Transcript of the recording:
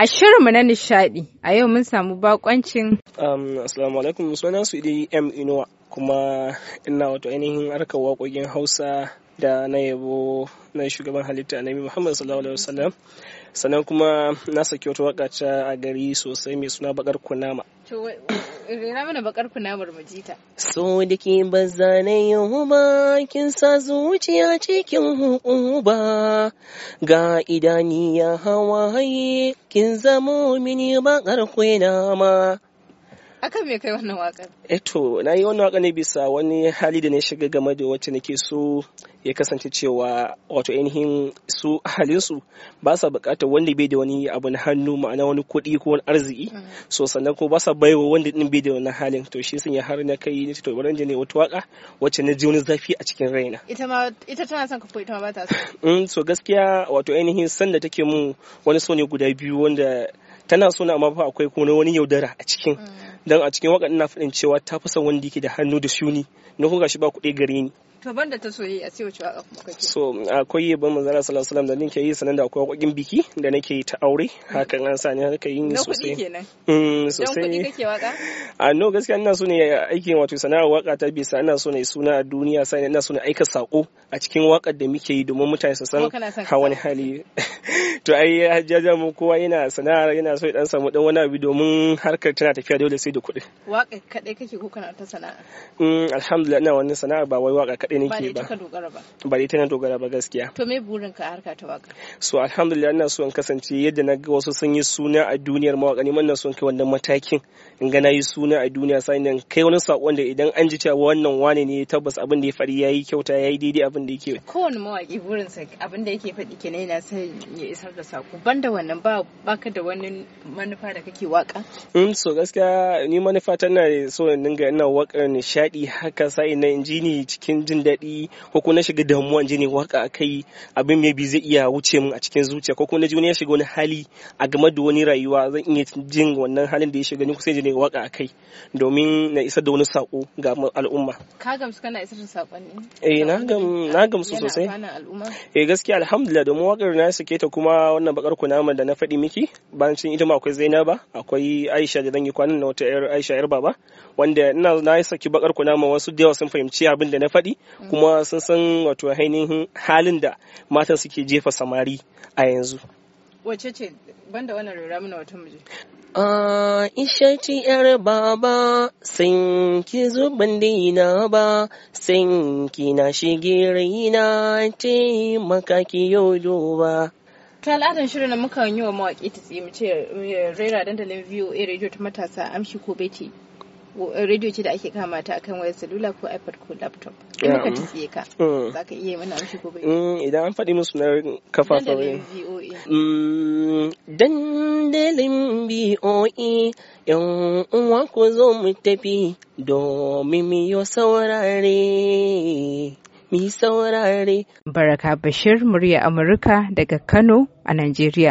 A shirinmu na nishadi a yau mun samu bakoncin. Um, Assalamu alaikum sunan su idi M Inuwa kuma ina wato ainihin harkar waƙoƙin Hausa da na yabo na shugaban halitta Annabi Muhammad sallallahu alaihi wasallam sannan kuma na saki wata waka a gari sosai mai suna bakar kunama. Rera mana bakar kunamar majita. So da ke bazza yahuba kin sa zuciya cikin hukuba ga idani ya haye kin zamo mini bakar ma. akan me kai wannan waƙar? Eto, eh na yi wannan waƙar ne bisa wani hali da na shiga game da wacce nake so ya kasance cewa wato ainihin su halinsu ba sa buƙatar wanda bai da wani abin hannu ma'ana wani kuɗi ko wani arziki hmm. so sannan ko ba sa baiwa wanda din bai da wani halin to shi sun ya har na kai ni to bari ne wata waka wacce na ji wani zafi a cikin raina ita ma ita tana son ka ko ita ma ba ta so mm, so gaskiya wato ainihin sanda take mun wani so ne guda biyu wanda tana so na amma fa akwai kuma wani yaudara a cikin hmm. dan a cikin wakan ina faɗin cewa ta fi son wanda yake da hannu da shuni na kuma gashi ba kuɗi gare ni to banda ta soyayya sai wacce waka kuma kake so akwai ban manzara sallallahu alaihi wasallam da nake yi sanan da akwai wakokin biki da nake yi ta aure hakan an sani haka yin sosai kenan mm sosai dan kuɗi kake waka a no gaskiya ina so ne aikin wato sana'ar waka ta bisa ina so ne suna a duniya sai ina so ne aika sako a cikin wakar da muke yi domin mutane su san hawan hali to ai hajjaja mu kowa yana sana'ar yana so ya dan samu dan wani abu domin harkar tana tafiya dole sai da kuɗi. Waƙa kaɗai kake ko kana ta sana'a? Mm, alhamdulillah ina wani sana'a ba wai waƙa kaɗai nake ba. Ba dai ita ka dogara ba. Ba ita dogara ba gaskiya. To me burin ka harka ta waƙa. So alhamdulillah ina so in kasance yadda na ga wasu sun yi suna a duniyar mawaƙa ne na so in kai wannan matakin in ga na yi suna a duniya sai nan kai wani sakon wanda idan an ji cewa wannan wane ne tabbas abin da ya faɗi yayi kyauta yayi daidai abin da yake. Kowane mawaƙi burin sa abin da yake faɗi kenan yana sai ya isar da sako banda wannan ba baka da wani manufa da kake waƙa? Mm, so gaskiya ni manufa na so in dinga ina wakar nishadi haka sai na injini cikin jin daɗi ko kuma na shiga damuwa injini waka kai abin mai bi zai iya wuce min a cikin zuciya ko kuma na ji wani ya shiga wani hali a game da wani rayuwa zan iya jin wannan halin da ya shiga ni kusa jini waka kai domin na isar da wani sako ga al'umma ka gamsu kana isar da sakonni eh na gam na gamsu sosai eh gaskiya alhamdulillah domin wakar na suke ta kuma wannan bakar kunama da na faɗi miki bayan cin ita ma akwai Zainaba akwai Aisha da zan yi kwanan na wata yar Aisha yar baba wanda ina na yi saki bakar kuna ma wasu da yawa sun fahimci abin da na faɗi kuma sun san wato ainihin halin da matan suke jefa samari a yanzu wace ce banda wannan rura mana wata muje Aisha ci yar baba sun ki zuban dina ba sun ki na shigirina raina ce maka ki yau ba ta al'adar shirin da muka yi wa mawaƙi ta tsimi ce rera dandalin VOA radio ta matasa amshi ko beti radio ce da ake kama ta akan wayar salula ko ipad ko laptop in muka ta tsaye ka mm. za ka iya mana amshi ko beti mm, idan an faɗi musu na kafafen dandalin VOA mm, yan uwa ku zo mu tafi domin miyo saurare mi saurare. Baraka Bashir, murya Amurka daga Kano a Najeriya.